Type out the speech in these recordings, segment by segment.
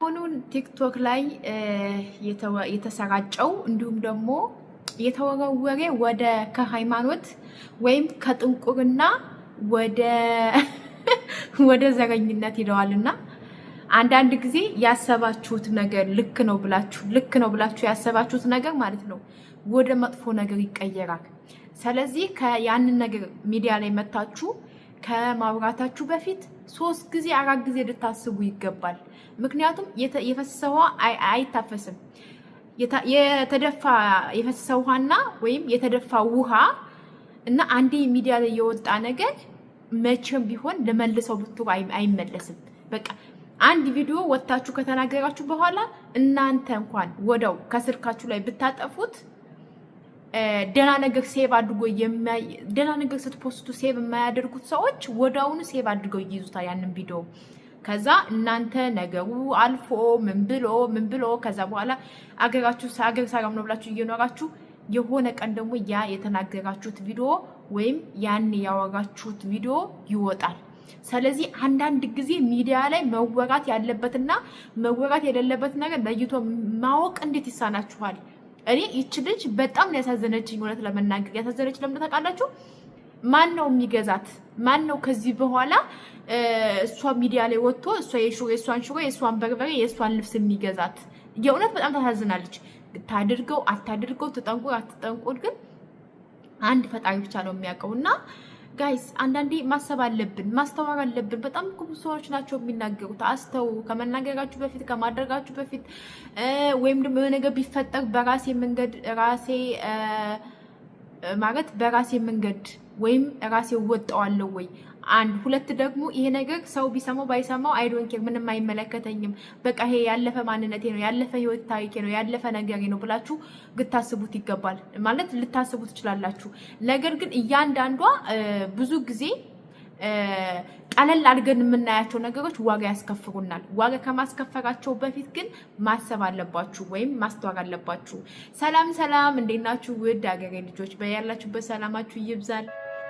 አሁኑን ቲክቶክ ላይ የተሰራጨው እንዲሁም ደግሞ የተወረወሬ ወደ ከሃይማኖት ወይም ከጥንቁርና ወደ ዘረኝነት ይለዋል እና አንዳንድ ጊዜ ያሰባችሁት ነገር ልክ ነው ብላችሁ ልክ ነው ብላችሁ ያሰባችሁት ነገር ማለት ነው ወደ መጥፎ ነገር ይቀየራል። ስለዚህ ያንን ነገር ሚዲያ ላይ መታችሁ ከማውራታችሁ በፊት ሶስት ጊዜ አራት ጊዜ ልታስቡ ይገባል። ምክንያቱም የፈሰሰ ውሃ አይታፈስም። የተደፋ የፈሰሰ ውሃና ወይም የተደፋ ውሃ እና አንዴ ሚዲያ ላይ የወጣ ነገር መቼም ቢሆን ለመልሰው ብቱ አይመለስም። በቃ አንድ ቪዲዮ ወጥታችሁ ከተናገራችሁ በኋላ እናንተ እንኳን ወደው ከስልካችሁ ላይ ብታጠፉት ደና ነገር ሴቭ አድርጎ ደህና ነገር ስትፖስቱ ሴቭ የማያደርጉት ሰዎች ወዳውኑ ሴቭ አድርገው ይይዙታል ያንን ቪዲዮ። ከዛ እናንተ ነገሩ አልፎ ምን ብሎ ምን ብሎ ከዛ በኋላ አገራችሁ አገር ሰላም ነው ብላችሁ እየኖራችሁ የሆነ ቀን ደግሞ ያ የተናገራችሁት ቪዲዮ ወይም ያን ያወራችሁት ቪዲዮ ይወጣል። ስለዚህ አንዳንድ ጊዜ ሚዲያ ላይ መወራት ያለበትና መወራት የሌለበት ነገር ለይቶ ማወቅ እንዴት ይሳናችኋል? እኔ ይች ልጅ በጣም ያሳዘነችኝ፣ እውነት ለመናገር ያሳዘነች ለምን ታውቃላችሁ? ማን ነው የሚገዛት? ማን ነው ከዚህ በኋላ እሷ ሚዲያ ላይ ወጥቶ እሷ የእሷን ሽሮ፣ የእሷን በርበሬ፣ የእሷን ልብስ የሚገዛት? የእውነት በጣም ታሳዝናለች። ታድርገው አታድርገው፣ ትጠንቁ አትጠንቁ፣ ግን አንድ ፈጣሪ ብቻ ነው የሚያውቀው እና ጋይስ አንዳንዴ ማሰብ አለብን፣ ማስተዋል አለብን። በጣም ብዙ ሰዎች ናቸው የሚናገሩት። አስተው ከመናገራችሁ በፊት ከማድረጋችሁ በፊት ወይም ደግሞ የሆነ ነገር ቢፈጠር በራሴ መንገድ ራሴ ማለት በራሴ መንገድ ወይም ራሴ እወጣዋለሁ ወይ? አንድ ሁለት ደግሞ ይሄ ነገር ሰው ቢሰማው ባይሰማው አይዶን ኬር ምንም አይመለከተኝም፣ በቃ ይሄ ያለፈ ማንነቴ ነው፣ ያለፈ ህይወት ታሪኬ ነው፣ ያለፈ ነገሬ ነው ብላችሁ ግታስቡት ይገባል። ማለት ልታስቡት ትችላላችሁ። ነገር ግን እያንዳንዷ ብዙ ጊዜ ቀለል አድርገን የምናያቸው ነገሮች ዋጋ ያስከፍሩናል። ዋጋ ከማስከፈራቸው በፊት ግን ማሰብ አለባችሁ ወይም ማስተዋር አለባችሁ። ሰላም ሰላም፣ እንዴት ናችሁ? ውድ አገሬ ልጆች በያላችሁበት ሰላማችሁ ይብዛል።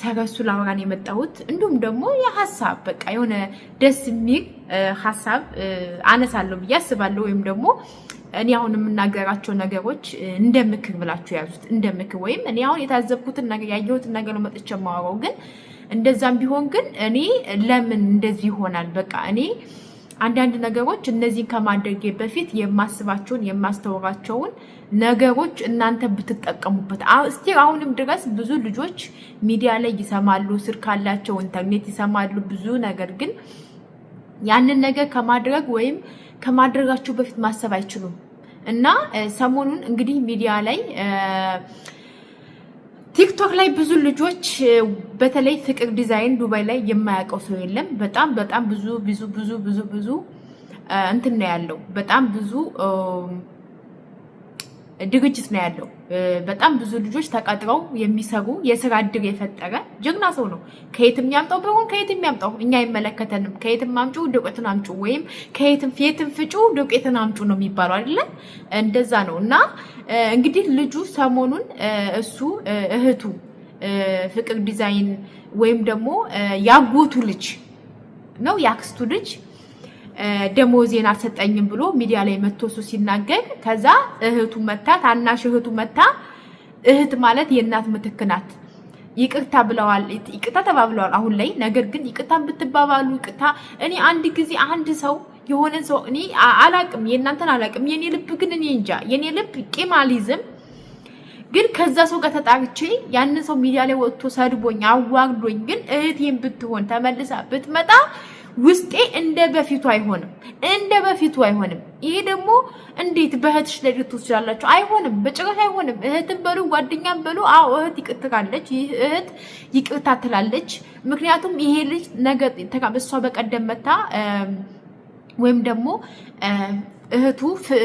ከእሱ ላወራን የመጣሁት እንዲሁም ደግሞ የሀሳብ በቃ የሆነ ደስ የሚል ሀሳብ አነሳለሁ ብዬ አስባለሁ። ወይም ደግሞ እኔ አሁን የምናገራቸው ነገሮች እንደ ምክር ብላችሁ ያዙት፣ እንደ ምክር ወይም እኔ አሁን የታዘብኩትን ነገር ያየሁትን ነገር ነው መጥቼ የማወራው። ግን እንደዛም ቢሆን ግን እኔ ለምን እንደዚህ ይሆናል በቃ እኔ አንዳንድ ነገሮች እነዚህን ከማድረጌ በፊት የማስባቸውን የማስተውራቸውን ነገሮች እናንተ ብትጠቀሙበት። እስቲ አሁንም ድረስ ብዙ ልጆች ሚዲያ ላይ ይሰማሉ፣ ስር ካላቸው ኢንተርኔት ይሰማሉ ብዙ ነገር ግን ያንን ነገር ከማድረግ ወይም ከማድረጋቸው በፊት ማሰብ አይችሉም እና ሰሞኑን እንግዲህ ሚዲያ ላይ ቲክቶክ ላይ ብዙ ልጆች በተለይ ፍቅር ዲዛይን ዱባይ ላይ የማያውቀው ሰው የለም። በጣም በጣም ብዙ ብዙ ብዙ ብዙ ብዙ እንትን ነው ያለው። በጣም ብዙ ድርጅት ነው ያለው። በጣም ብዙ ልጆች ተቀጥረው የሚሰሩ የስራ እድር የፈጠረ ጀግና ሰው ነው። ከየትም ያምጣው ብሩን ከየትም ያምጣው እኛ አይመለከተንም። ከየትም አምጩ ዱቄትን አምጩ ወይም ከየትም የትም ፍጩ ዱቄትን አምጩ ነው የሚባለው አይደለ? እንደዛ ነው። እና እንግዲህ ልጁ ሰሞኑን እሱ እህቱ ፍቅር ዲዛይን ወይም ደግሞ ያጎቱ ልጅ ነው ያክስቱ ልጅ ደሞዜን አልሰጠኝም ብሎ ሚዲያ ላይ መቶ እሱ ሲናገር ከዛ እህቱ መታ ታናሽ እህቱ መታ እህት ማለት የእናት ምትክ ናት። ይቅርታ ብለዋል፣ ይቅርታ ተባብለዋል አሁን ላይ ነገር ግን ይቅርታ ብትባባሉ ይቅርታ እኔ አንድ ጊዜ አንድ ሰው የሆነ ሰው እኔ አላቅም፣ የእናንተን አላቅም። የኔ ልብ ግን እኔ እንጃ የኔ ልብ ቂም አልይዝም። ግን ከዛ ሰው ጋር ተጣርቼ ያንን ሰው ሚዲያ ላይ ወጥቶ ሰድቦኝ አዋርዶኝ ግን እህቴን ብትሆን ተመልሳ ብትመጣ ውስጤ እንደ በፊቱ አይሆንም፣ እንደ በፊቱ አይሆንም። ይሄ ደግሞ እንዴት በእህትሽ ላይ ልትወስድ አይሆንም፣ በጭራሽ አይሆንም። እህትን በሉ ጓደኛም በሉ። አዎ እህት ይቅር ይህ እህት ይቅርታ ትላለች። ምክንያቱም ይሄ ልጅ ነገ እሷ በቀደም መታ ወይም ደግሞ እህቱ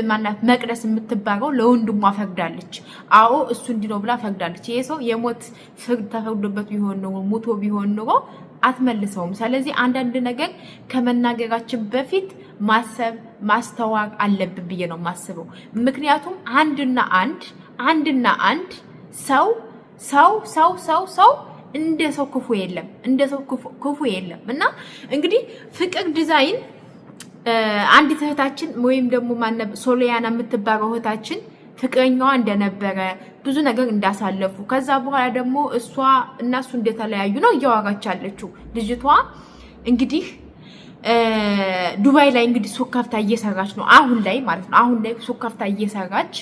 ማናት መቅደስ የምትባለው ለወንድሟ ፈርዳለች። አዎ እሱ እንዲኖር ብላ ፈርዳለች። ይሄ ሰው የሞት ፍርድ ተፈርዶበት ቢሆን ኖሮ ሙቶ ቢሆን ኖሮ አትመልሰውም። ስለዚህ አንዳንድ ነገር ከመናገራችን በፊት ማሰብ ማስተዋል አለብን ብዬ ነው የማስበው። ምክንያቱም አንድና አንድ አንድና አንድ ሰው ሰው ሰው ሰው ሰው እንደ ሰው ክፉ የለም፣ እንደ ሰው ክፉ የለም። እና እንግዲህ ፍቅር ዲዛይን አንዲት እህታችን ወይም ደግሞ ማነብ ሶሊያና የምትባለው እህታችን ፍቅረኛዋ እንደነበረ ብዙ ነገር እንዳሳለፉ ከዛ በኋላ ደግሞ እሷ እነሱ እንደተለያዩ ነው እያወራች ያለችው ልጅቷ። እንግዲህ ዱባይ ላይ እንግዲህ ሱቅ ከፍታ እየሰራች ነው አሁን ላይ ማለት ነው። አሁን ላይ ሱቅ ከፍታ እየሰራች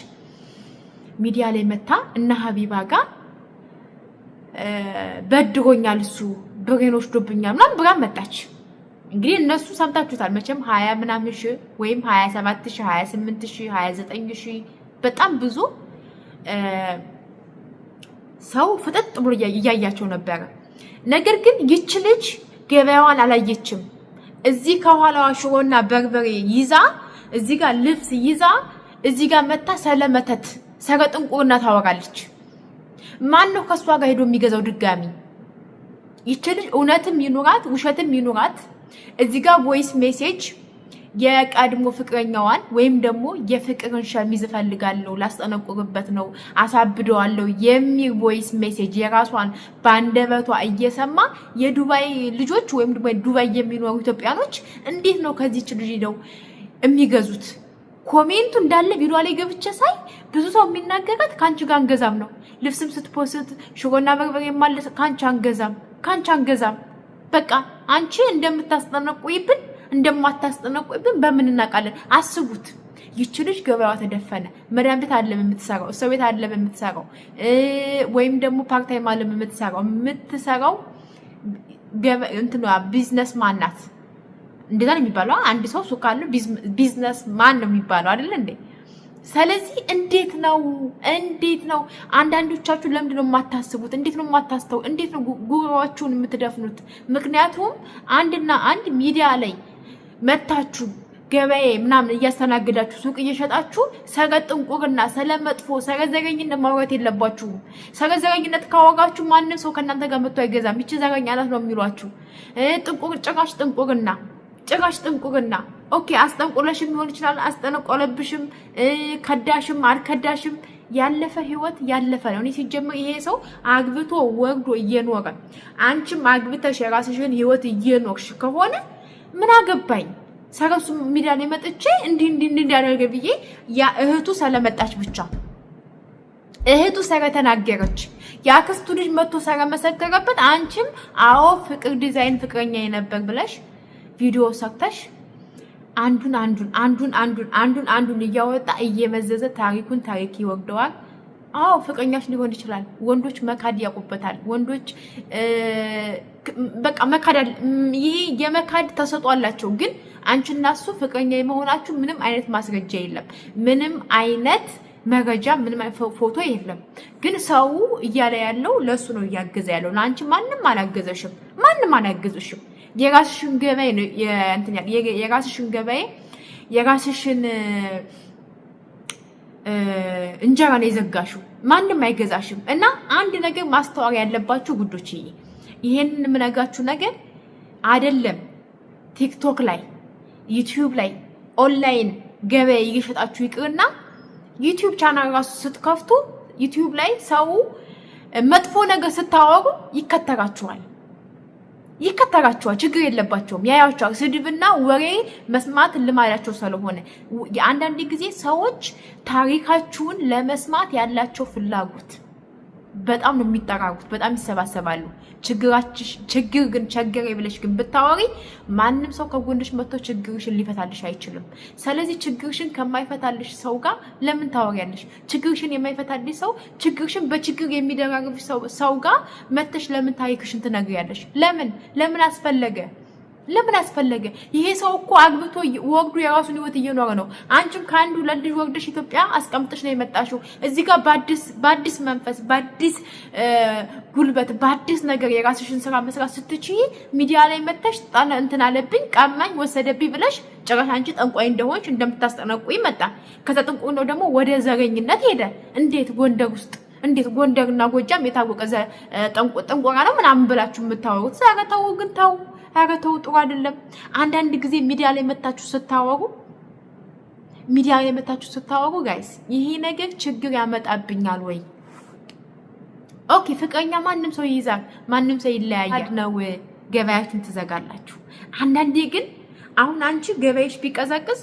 ሚዲያ ላይ መታ እና ሀቢባ ጋር በድሮኛል፣ እሱ ብሬን ወስዶብኛል ምናምን ብራን መጣች። እንግዲህ እነሱ ሰምታችሁታል መቼም ሀያ ምናምን ሺህ ወይም ሀያ ሰባት ሺህ ሀያ ስምንት ሺህ ሀያ ዘጠኝ ሺህ በጣም ብዙ ሰው ፍጥጥ ብሎ እያያቸው ነበረ። ነገር ግን ይች ልጅ ገበያዋን አላየችም። እዚህ ከኋላዋ ሽሮና በርበሬ ይዛ፣ እዚህ ጋር ልብስ ይዛ፣ እዚህ ጋር መታ ሰለመተት ሰረጥንቁርና ታወራለች። ማን ነው ከእሷ ጋር ሄዶ የሚገዛው? ድጋሚ ይች ልጅ እውነትም ይኑራት ውሸትም ይኑራት እዚህ ጋር ቮይስ ሜሴጅ የቀድሞ ፍቅረኛዋን ወይም ደግሞ የፍቅርን ሸሚዝ እፈልጋለሁ፣ ላስጠነቁርበት ነው፣ አሳብደዋለሁ የሚል ቮይስ ሜሴጅ የራሷን በአንደበቷ እየሰማ የዱባይ ልጆች ወይም ዱባይ የሚኖሩ ኢትዮጵያኖች እንዴት ነው ከዚች ልጅ ነው የሚገዙት? ኮሜንቱ እንዳለ ቪዲዮ ላይ ገብቼ ሳይ ብዙ ሰው የሚናገራት ከአንቺ ጋር አንገዛም ነው። ልብስም ስትፖስት ሽሮና በርበሬ ማለስ ከአንቺ አንገዛም፣ ከአንቺ አንገዛም፣ በቃ አንቺ እንደምታስጠነቁይብን እንደማታስጠነቁብን በምን እናውቃለን? አስቡት። ይች ልጅ ገበያዋ ተደፈነ። መድኃኒት ቤት አለም የምትሰራው ሰው ቤት አለም የምትሰራው ወይም ደግሞ ፓርታይም አለም የምትሰራው የምትሰራው እንትኗ ቢዝነስ ማን ናት? እንደዛ ነው የሚባለው። አንድ ሰው ሱቅ አለው ቢዝነስ ማን ነው የሚባለው አይደለ እንዴ? ስለዚህ እንዴት ነው እንዴት ነው አንዳንዶቻችሁ ለምንድን ነው የማታስቡት? እንዴት ነው የማታስተው? እንዴት ነው ጉባኤዎቹን የምትደፍኑት? ምክንያቱም አንድና አንድ ሚዲያ ላይ መታችሁ ገበያ ምናምን እያስተናግዳችሁ ሱቅ እየሸጣችሁ ሰገ ጥንቁርና ስለመጥፎ ሰገ ዘረኝነት ማውራት የለባችሁም። ሰገ ዘረኝነት ካወጋችሁ ማንም ሰው ከእናንተ ጋር መጥቶ አይገዛም። ይቺ ዘረኛ ናት ነው የሚሏችሁ። ጥንቁቅ ጭራሽ ጥንቁርና ጭራሽ ጥንቁቅና። ኦኬ አስጠንቁለሽም ሊሆን ይችላል አስጠነቆለብሽም፣ ከዳሽም አልከዳሽም ያለፈ ህይወት ያለፈ ነው። እኔ ሲጀምር ይሄ ሰው አግብቶ ወግዶ እየኖረ አንቺም አግብተሽ የራስሽን ህይወት እየኖርሽ ከሆነ ምን አገባኝ ሰገብሱ ሚዲያ ላይ መጥቼ እንዲህ እንዲህ እንዲያደርገ ብዬ ያ እህቱ ስለመጣች ብቻ እህቱ ስለተናገረች የአክስቱ ልጅ መጥቶ ስለመሰከረበት አንቺም አዎ ፍቅር ዲዛይን ፍቅረኛ የነበር ብለሽ ቪዲዮ ሰርተሽ አንዱን አንዱን አንዱን አንዱን አንዱን አንዱን እያወጣ እየመዘዘ ታሪኩን ታሪክ ይወግደዋል። አዎ ፍቅረኛሽ ሊሆን ይችላል። ወንዶች መካድ ያውቁበታል። ወንዶች በቃ መካድ ይሄ የመካድ ተሰጧላቸው። ግን አንቺና እሱ ፍቅረኛ የመሆናችሁ ምንም አይነት ማስረጃ የለም፣ ምንም አይነት መረጃ፣ ምንም ፎቶ የለም። ግን ሰው እያለ ያለው ለእሱ ነው እያገዘ ያለው። አንቺ ማንም አላገዘሽም፣ ማንም አላገዘሽም። የራስሽን ገበያ የራስሽን ገበያ የራስሽን እንጀራ ነው የዘጋሽው። ማንም አይገዛሽም። እና አንድ ነገር ማስተዋር ያለባችሁ ጉዶችዬ ይሄንን የምነጋችሁ ነገር አይደለም። ቲክቶክ ላይ ዩቲዩብ ላይ ኦንላይን ገበያ እየሸጣችሁ ይቅርና ዩቲዩብ ቻናል ራሱ ስትከፍቱ ዩቲዩብ ላይ ሰው መጥፎ ነገር ስታወሩ ይከተራችኋል ይከተራቸዋል ችግር የለባቸውም። ያያቸዋል። ስድብና ወሬ መስማት ልማዳቸው ስለሆነ አንዳንድ ጊዜ ሰዎች ታሪካችሁን ለመስማት ያላቸው ፍላጎት በጣም ነው የሚጠራሩት፣ በጣም ይሰባሰባሉ። ችግር ግን ቸገሬ ብለሽ ግን ብታወሪ ማንም ሰው ከጎንሽ መጥቶ ችግርሽን ሊፈታልሽ አይችልም። ስለዚህ ችግርሽን ከማይፈታልሽ ሰው ጋር ለምን ታወሪያለሽ? ችግርሽን የማይፈታልሽ ሰው ችግርሽን በችግር የሚደራርብ ሰው ጋር መተሽ ለምን ታሪክሽን ትነግሪያለሽ? ለምን ለምን አስፈለገ? ለምን አስፈለገ? ይሄ ሰው እኮ አግብቶ ወግዱ የራሱን ህይወት እየኖረ ነው። አንቺም ከአንዱ ለልጅ ወግደሽ ኢትዮጵያ አስቀምጥሽ ነው የመጣሽው። እዚህ ጋር በአዲስ መንፈስ፣ በአዲስ ጉልበት፣ በአዲስ ነገር የራስሽን ስራ መስራት ስትችይ ሚዲያ ላይ መተሽ እንትን አለብኝ፣ ቀማኝ፣ ወሰደብኝ ብለሽ ጭራሽ አንቺ ጠንቋይ እንደሆንሽ እንደምታስጠነቁኝ መጣ። ከዛ ነው ደግሞ ወደ ዘረኝነት ሄደ። እንዴት ጎንደር ውስጥ እንዴት ጎንደርና ጎጃም የታወቀ ጥንቆራ ነው ምናምን ብላችሁ የምታወሩት። ዛሬ ተው ግን ተው። ኧረ ተው፣ ጥሩ አይደለም። አንዳንድ ጊዜ ሚዲያ ላይ መታችሁ ስታወሩ ሚዲያ ላይ መታችሁ ስታወሩ ጋይስ ይሄ ነገር ችግር ያመጣብኛል ወይ? ኦኬ ፍቅረኛ ማንም ሰው ይይዛል፣ ማንም ሰው ይለያያል ነው ገበያችን ትዘጋላችሁ። አንዳንዴ ግን አሁን አንቺ ገበያሽ ቢቀዘቅዝ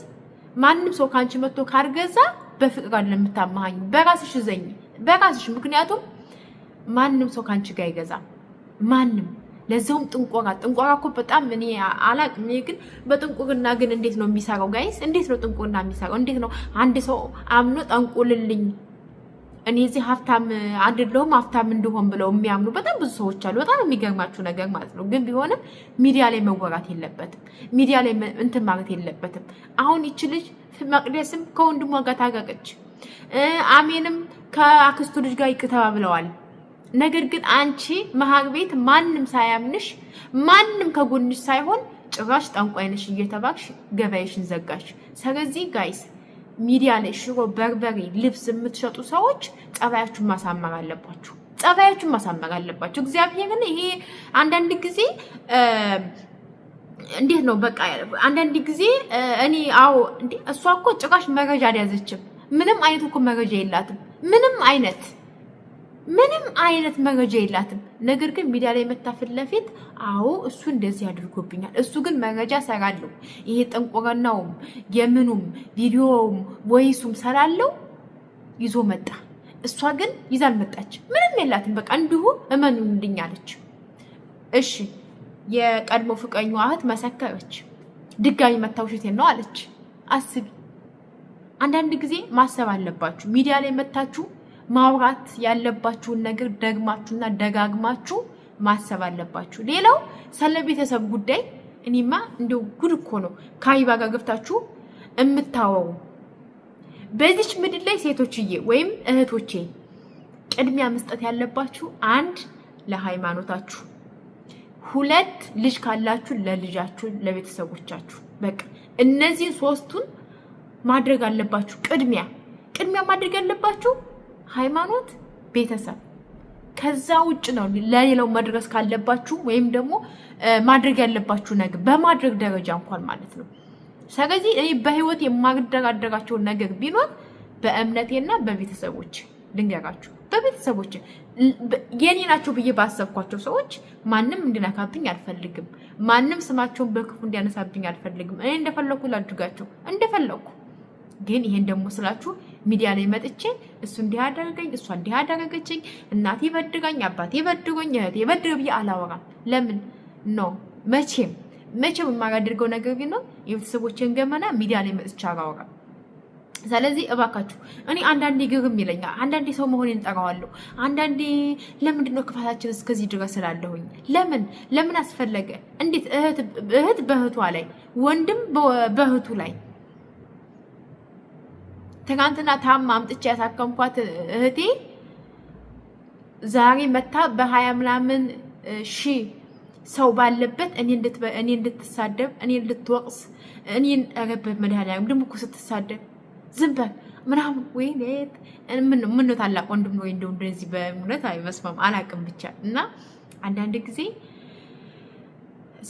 ማንም ሰው ከአንቺ መጥቶ ካልገዛ በፍቅር ለምታመሃኝ በራስሽ ዘኝ በራስሽ ምክንያቱም ማንም ሰው ከአንቺ ጋር አይገዛም ማንም ለዚውም ጥንቆራ ጥንቆራ እኮ በጣም እኔ አላቅም። እኔ ግን በጥንቁርና ግን እንዴት ነው የሚሰራው? ጋይስ እንዴት ነው ጥንቁርና የሚሰራው? እንዴት ነው አንድ ሰው አምኖ ጠንቁልልኝ እኔ እዚህ ሀብታም አይደለሁም ሀብታም እንደሆን ብለው የሚያምኑ በጣም ብዙ ሰዎች አሉ። በጣም የሚገርማችሁ ነገር ማለት ነው። ግን ቢሆንም ሚዲያ ላይ መወራት የለበትም። ሚዲያ ላይ እንትን ማለት የለበትም። አሁን ይች ልጅ መቅደስም ከወንድሟ ጋር ታረቀች፣ አሜንም ከአክስቱ ልጅ ጋር ይቅተባ ብለዋል። ነገር ግን አንቺ መሀል ቤት ማንም ሳያምንሽ ማንም ከጎንሽ ሳይሆን ጭራሽ ጠንቋይ ነሽ እየተባልሽ ገበያሽን ዘጋሽ። ስለዚህ ጋይስ ሚዲያ ላይ ሽሮ፣ በርበሬ፣ ልብስ የምትሸጡ ሰዎች ጸባያችሁን ማሳመር አለባችሁ። ጸባያችሁን ማሳመር አለባችሁ። እግዚአብሔርን ይሄ አንዳንድ ጊዜ እንዴት ነው በቃ አንዳንድ ጊዜ እኔ አዎ፣ እሷ እኮ ጭራሽ መረጃ አልያዘችም። ምንም አይነት እኮ መረጃ የላትም ምንም አይነት ምንም አይነት መረጃ የላትም። ነገር ግን ሚዲያ ላይ መታ ለፊት አዎ እሱ እንደዚህ አድርጎብኛል፣ እሱ ግን መረጃ ሰራለሁ፣ ይሄ ጥንቁርናውም የምኑም ቪዲዮውም ወይሱም ሰራለው ይዞ መጣ። እሷ ግን ይዛ መጣች። ምንም የላትም። በቃ እንዲሁ እመኑልኝ አለች። እሺ የቀድሞ ፍቅረኛዋ እህት መሰከረች። ድጋሚ መታ ውሸቴን ነው አለች። አስቢ። አንዳንድ ጊዜ ማሰብ አለባችሁ። ሚዲያ ላይ መታችሁ ማውራት ያለባችሁን ነገር ደግማችሁና ደጋግማችሁ ማሰብ አለባችሁ። ሌላው ስለ ቤተሰብ ጉዳይ እኔማ እንደው ጉድ እኮ ነው ከአይባ ጋር ገብታችሁ የምታወሩ በዚች ምድር ላይ ሴቶችዬ ወይም እህቶቼ ቅድሚያ መስጠት ያለባችሁ አንድ ለሃይማኖታችሁ፣ ሁለት ልጅ ካላችሁ ለልጃችሁ፣ ለቤተሰቦቻችሁ። በቃ እነዚህን ሶስቱን ማድረግ አለባችሁ። ቅድሚያ ቅድሚያ ማድረግ ያለባችሁ ሃይማኖት፣ ቤተሰብ ከዛ ውጭ ነው ለሌላው መድረስ ካለባችሁ ወይም ደግሞ ማድረግ ያለባችሁ ነገር በማድረግ ደረጃ እንኳን ማለት ነው። ስለዚህ እኔ በህይወት የማደራደራቸውን ነገር ቢኖር በእምነቴና በቤተሰቦች ልንገራችሁ፣ በቤተሰቦች የኔ ናቸው ብዬ ባሰብኳቸው ሰዎች ማንም እንዲነካብኝ አልፈልግም። ማንም ስማቸውን በክፉ እንዲያነሳብኝ አልፈልግም። እኔ እንደፈለኩ ላድርጋቸው እንደፈለኩ። ግን ይሄን ደግሞ ስላችሁ ሚዲያ ላይ መጥቼ እሱ እንዲህ አደረገኝ፣ እሷ እንዲህ አደረገችኝ፣ እናቴ በድጋኝ፣ አባቴ በድጎኝ፣ እህቴ በድግ ብዬ አላወራም። ለምን ኖ መቼም መቼም የማላደርገው ነገር ቢኖር የቤተሰቦችን ገመና ሚዲያ ላይ መጥቼ አላወራም። ስለዚህ እባካችሁ እኔ አንዳንዴ ግርም ይለኛል። አንዳንዴ ሰው መሆን እንጠራዋለሁ። አንዳንዴ ለምንድን ነው ክፋታችን እስከዚህ ድረስ ስላለሁኝ? ለምን ለምን አስፈለገ? እንዴት እህት በእህቷ ላይ ወንድም በእህቱ ላይ ትናንትና ታማ አምጥቼ ያሳከምኳት እህቴ ዛሬ መታ በሀያ ምናምን ሺ ሰው ባለበት እኔ እንድትሳደብ እኔ እንድትወቅስ እኔን ረብ መድኃኒዓለም ድም እኮ ስትሳደብ ዝም በል ምናምን ወይ ምነው ታላቅ ወንድም ወይ እንደው እንደዚህ በእምነት አይመስማም አላቅም ብቻ እና አንዳንድ ጊዜ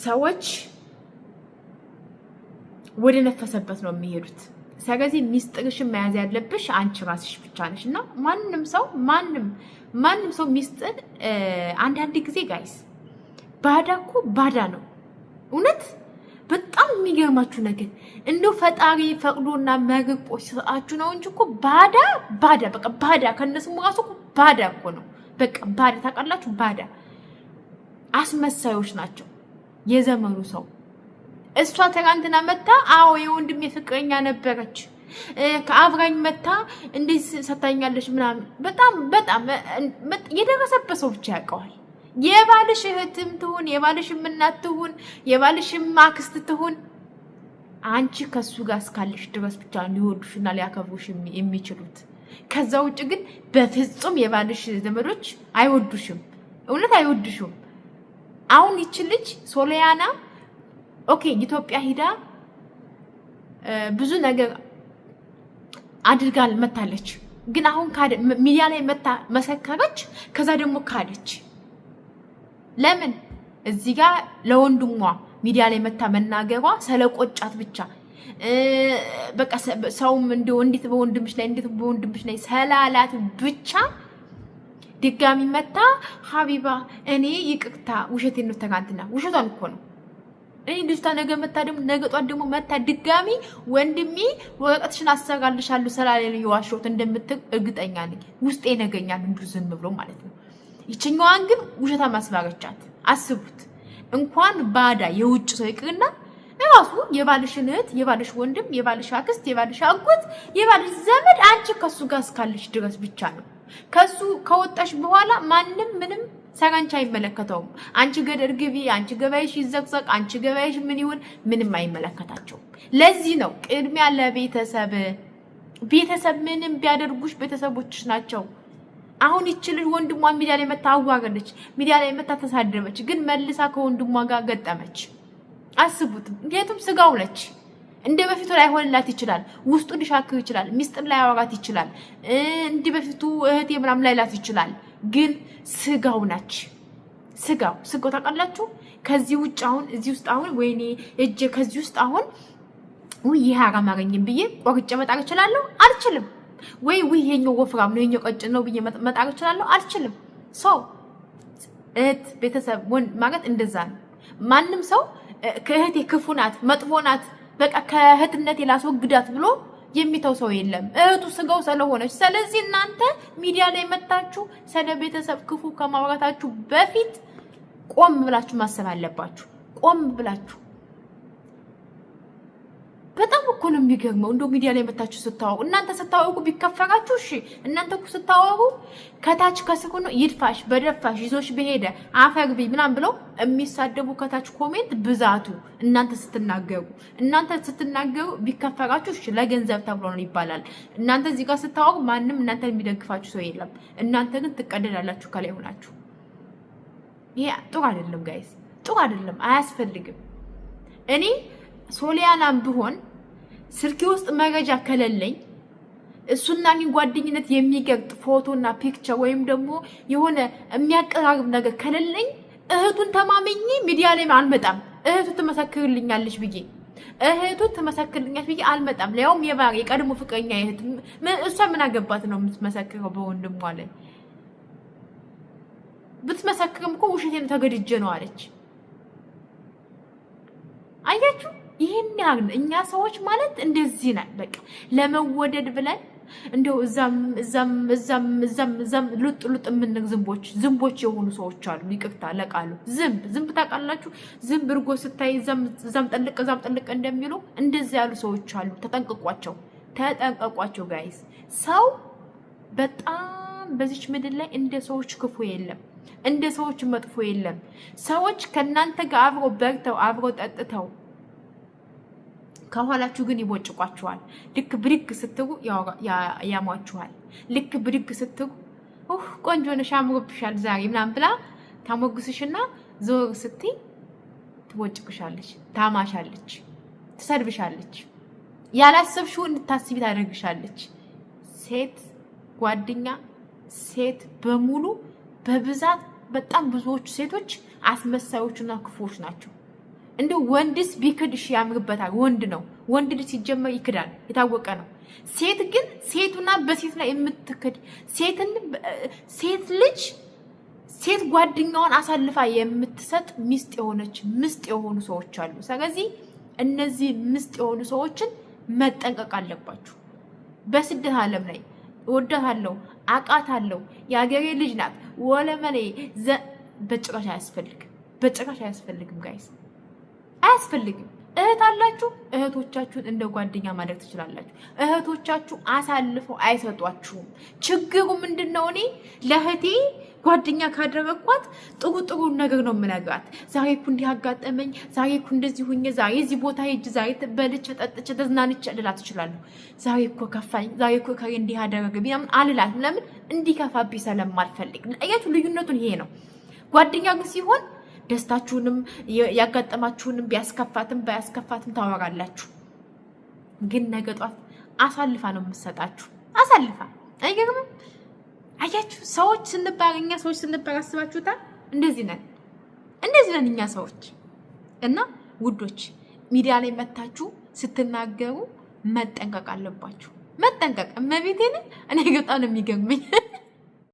ሰዎች ወደ ነፈሰበት ነው የሚሄዱት። ስለዚህ ሚስጥርሽን መያዝ ያለብሽ አንቺ ራስሽ ብቻ ነሽ እና ማንም ሰው ማንም ማንም ሰው ሚስጥር አንዳንድ ጊዜ ጋይስ ባዳ እኮ ባዳ ነው። እውነት በጣም የሚገርማችሁ ነገር እንደው ፈጣሪ ፈቅዶና መርቆ ስርአችሁ ነው እንጂ እኮ ባዳ ባዳ በቃ ባዳ ከነስሙ ራሱ እኮ ባዳ እኮ ነው። በቃ ባዳ ታውቃላችሁ፣ ባዳ አስመሳዮች ናቸው የዘመኑ ሰው እሷ ትናንትና መታ፣ አዎ የወንድሜ ፍቅረኛ ነበረች ከአብራኝ መታ እንዴት ሰታኛለች ምናምን። በጣም በጣም የደረሰበት ሰው ብቻ ያውቀዋል። የባልሽ እህትም ትሁን የባልሽም እናት ትሁን የባልሽም አክስት ትሁን አንቺ ከሱ ጋር እስካለሽ ድረስ ብቻ ሊወዱሽና ሊያከብሩሽ የሚችሉት። ከዛ ውጭ ግን በፍጹም የባልሽ ዘመዶች አይወዱሽም፣ እውነት አይወዱሽም። አሁን ይች ልጅ ሶሊያና ኦኬ ኢትዮጵያ ሂዳ ብዙ ነገር አድርጋል መታለች። ግን አሁን ሚዲያ ላይ መታ መሰከረች፣ ከዛ ደግሞ ካደች። ለምን እዚህ ጋር ለወንድሟ ሚዲያ ላይ መታ መናገሯ ሰለቆጫት ብቻ በቃ ሰውም እንዲሁ እንዴት በወንድምሽ ላይ እንዴት በወንድምሽ ላይ ሰላላት ብቻ ድጋሚ መታ ሀቢባ እኔ ይቅርታ ውሸቴን ነው፣ ትናንትና ውሸቷን እኮ ነው እኔ ልጅቷ ነገ መታ ደግሞ ነገ ጧት ደግሞ መታ ድጋሚ ወንድሜ ወረቀትሽን አሰራልሻለሁ ስላለ የዋሸሁት እንደምትል እርግጠኛ ነኝ። ውስጤ ነገኛል እንዱ ዝም ብሎ ማለት ነው። ይችኛዋን ግን ውሸታ ማስባረቻት። አስቡት እንኳን ባዳ የውጭ ሰው ይቅርና ራሱ የባልሽን እህት፣ የባልሽ ወንድም፣ የባልሽ አክስት፣ የባልሽ አጎት፣ የባልሽ ዘመድ አንቺ ከሱ ጋር እስካለሽ ድረስ ብቻ ነው። ከሱ ከወጣሽ በኋላ ማንም ምንም ሰጋንቻ አይመለከተውም። አንቺ ገደር ግቢ፣ አንቺ ገበያሽ ይዘቅዘቅ፣ አንቺ ገበያሽ ምን ይሁን ምንም አይመለከታቸውም። ለዚህ ነው ቅድሚያ ለቤተሰብ ቤተሰብ ምንም ቢያደርጉሽ ቤተሰቦችሽ ናቸው። አሁን ይችልሽ ወንድሟ ሚዲያ ላይ መታ አዋገለች፣ ሚዲያ ላይ መታ ተሳደበች፣ ግን መልሳ ከወንድሟ ጋር ገጠመች። አስቡት። የቱም ስጋው ነች። እንደ በፊቱ ላይ ሆንላት ይችላል። ውስጡ ሊሻክር ይችላል። ሚስጥር አዋጋት ይችላል። እንዲህ በፊቱ እህቴ ምናምን ላይላት ይችላል። ግን ስጋው ነች። ስጋው ስጋው ታውቃላችሁ። ከዚህ ውጭ አሁን እዚህ ውስጥ አሁን ወይኔ እጅ ከዚህ ውስጥ አሁን ውይ ይሄ አላማረኝም ብዬ ቆርጬ መጣር እችላለሁ? አልችልም። ወይ ውይ ይሄኛው ወፍራም ነው ይሄኛው ቀጭን ነው ብዬ መጣር እችላለሁ? አልችልም። ሶ እህት፣ ቤተሰብ፣ ወንድ ማለት እንደዛ ነው። ማንም ሰው ከእህቴ ክፉ ናት መጥፎ ናት በቃ ከእህትነት የላስወግዳት ብሎ የሚተው ሰው የለም። እህቱ ስጋው ስለሆነች። ስለዚህ እናንተ ሚዲያ ላይ መታችሁ ስለ ቤተሰብ ክፉ ከማውራታችሁ በፊት ቆም ብላችሁ ማሰብ አለባችሁ። ቆም ብላችሁ በጣም እኮ ነው የሚገርመው። እንደው ሚዲያ ላይ መታችሁ ስታወቁ እናንተ ስታወቁ ቢከፈራችሁ እሺ፣ እናንተ እኮ ስታወቁ ከታች ከስር ሆኖ ይድፋሽ፣ በደፋሽ፣ ይዞሽ በሄደ አፈር ብይ ምናምን ብለው የሚሳደቡ ከታች ኮሜንት ብዛቱ እናንተ ስትናገሩ እናንተ ስትናገሩ ቢከፈራችሁ እሺ፣ ለገንዘብ ተብሎ ነው ይባላል። እናንተ እዚህ ጋር ስታወቁ ማንም እናንተ የሚደግፋችሁ ሰው የለም። እናንተ ግን ትቀደዳላችሁ ከላይ ሆናችሁ። ይሄ ጥሩ አይደለም ጋይስ፣ ጥሩ አይደለም፣ አያስፈልግም። እኔ ሶሊያናም ብሆን ስልኬ ውስጥ መረጃ ከሌለኝ እሱና እኔን ጓደኝነት የሚገልጥ ፎቶና ፒክቸር ወይም ደግሞ የሆነ የሚያቀራርብ ነገር ከሌለኝ እህቱን ተማመኝ ሚዲያ ላይ አልመጣም። እህቱ ትመሰክርልኛለች ብዬ እህቱ ትመሰክርልኛለች ብዬ አልመጣም። ሊያውም የባር የቀድሞ ፍቅረኛ እህት እሷ ምን አገባት ነው የምትመሰክረው በወንድሟ ላይ? ብትመሰክርም እኮ ውሸቴን ተገድጄ ነው አለች። አያችሁ። ይህን ያህል እኛ ሰዎች ማለት እንደዚህ ነን። በቃ ለመወደድ ብለን እንደው እዛም እዛም እዛም እዛም እዛም ሉጥ ሉጥ የምንግ ዝንቦች ዝንቦች የሆኑ ሰዎች አሉ። ይቅርታ ለቃሉ ዝንብ ዝንብ ታውቃላችሁ። ዝንብ እርጎ ስታይ እዛም ጠልቅ እዛም ጠልቅ እንደሚሉ እንደዚህ ያሉ ሰዎች አሉ። ተጠንቅቋቸው፣ ተጠንቀቋቸው ጋይስ። ሰው በጣም በዚች ምድር ላይ እንደ ሰዎች ክፉ የለም፣ እንደ ሰዎች መጥፎ የለም። ሰዎች ከእናንተ ጋር አብሮ በርተው አብሮ ጠጥተው ከኋላችሁ ግን ይቦጭቋችኋል። ልክ ብድግ ስትጉ ያሟችኋል። ልክ ብድግ ስትጉ ቆንጆ ነሽ አምሮብሻል ዛሬ ምናምን ብላ ታሞግስሽና ዞር ስትይ ትቦጭቅሻለች፣ ታማሻለች፣ ትሰድብሻለች፣ ያላሰብሽው እንድታስቢ ታደርግሻለች። ሴት ጓደኛ ሴት በሙሉ በብዛት በጣም ብዙዎቹ ሴቶች አስመሳዮቹና ክፉዎች ናቸው። እንደ ወንድስ ቢክድ እሺ ያምርበታል። ወንድ ነው ወንድ ልጅ ሲጀመር ይክዳል፣ የታወቀ ነው። ሴት ግን ሴቱና በሴት ላይ የምትክድ ሴት ልጅ ሴት ጓደኛዋን አሳልፋ የምትሰጥ ሚስጥ የሆነች ምስጥ የሆኑ ሰዎች አሉ። ስለዚህ እነዚህ ምስጥ የሆኑ ሰዎችን መጠንቀቅ አለባችሁ። በስደት ዓለም ላይ እወዳታለሁ፣ አውቃታለሁ፣ የሀገሬ ልጅ ናት፣ ወለመኔ በጭራሽ አያስፈልግም፣ በጭራሽ አያስፈልግም ጋይስ አያስፈልግም። እህት አላችሁ፣ እህቶቻችሁን እንደ ጓደኛ ማድረግ ትችላላችሁ። እህቶቻችሁ አሳልፈው አይሰጧችሁም። ችግሩ ምንድን ነው? እኔ ለእህቴ ጓደኛ ካደረግኳት ጥሩ ጥሩ ነገር ነው የምነግራት። ዛሬ እኮ እንዲህ አጋጠመኝ፣ ዛሬ እኮ እንደዚህ ሁኜ፣ ዛሬ እዚህ ቦታ ሄጅ፣ ዛሬ በልቼ ጠጥቼ ተዝናንቼ ልላት እችላለሁ። ዛሬ እኮ ከፋኝ፣ ዛሬ እኮ ከሬ እንዲህ አደረገ ምናምን አልላት። ለምን እንዲከፋብኝ ስለማልፈልግ። ልዩነቱን ይሄ ነው። ጓደኛ ግን ሲሆን ደስታችሁንም ያጋጠማችሁንም ቢያስከፋትም ባያስከፋትም ታወራላችሁ። ግን ነገ ጧት አሳልፋ ነው የምትሰጣችሁ። አሳልፋ አይገርምም? አያችሁ፣ ሰዎች ስንባር እኛ ሰዎች ስንባር አስባችሁታል? እንደዚህ ነን፣ እንደዚህ ነን እኛ ሰዎች። እና ውዶች ሚዲያ ላይ መታችሁ ስትናገሩ መጠንቀቅ አለባችሁ። መጠንቀቅ እመቤቴን እኔ ገጣ ነው የሚገርመኝ።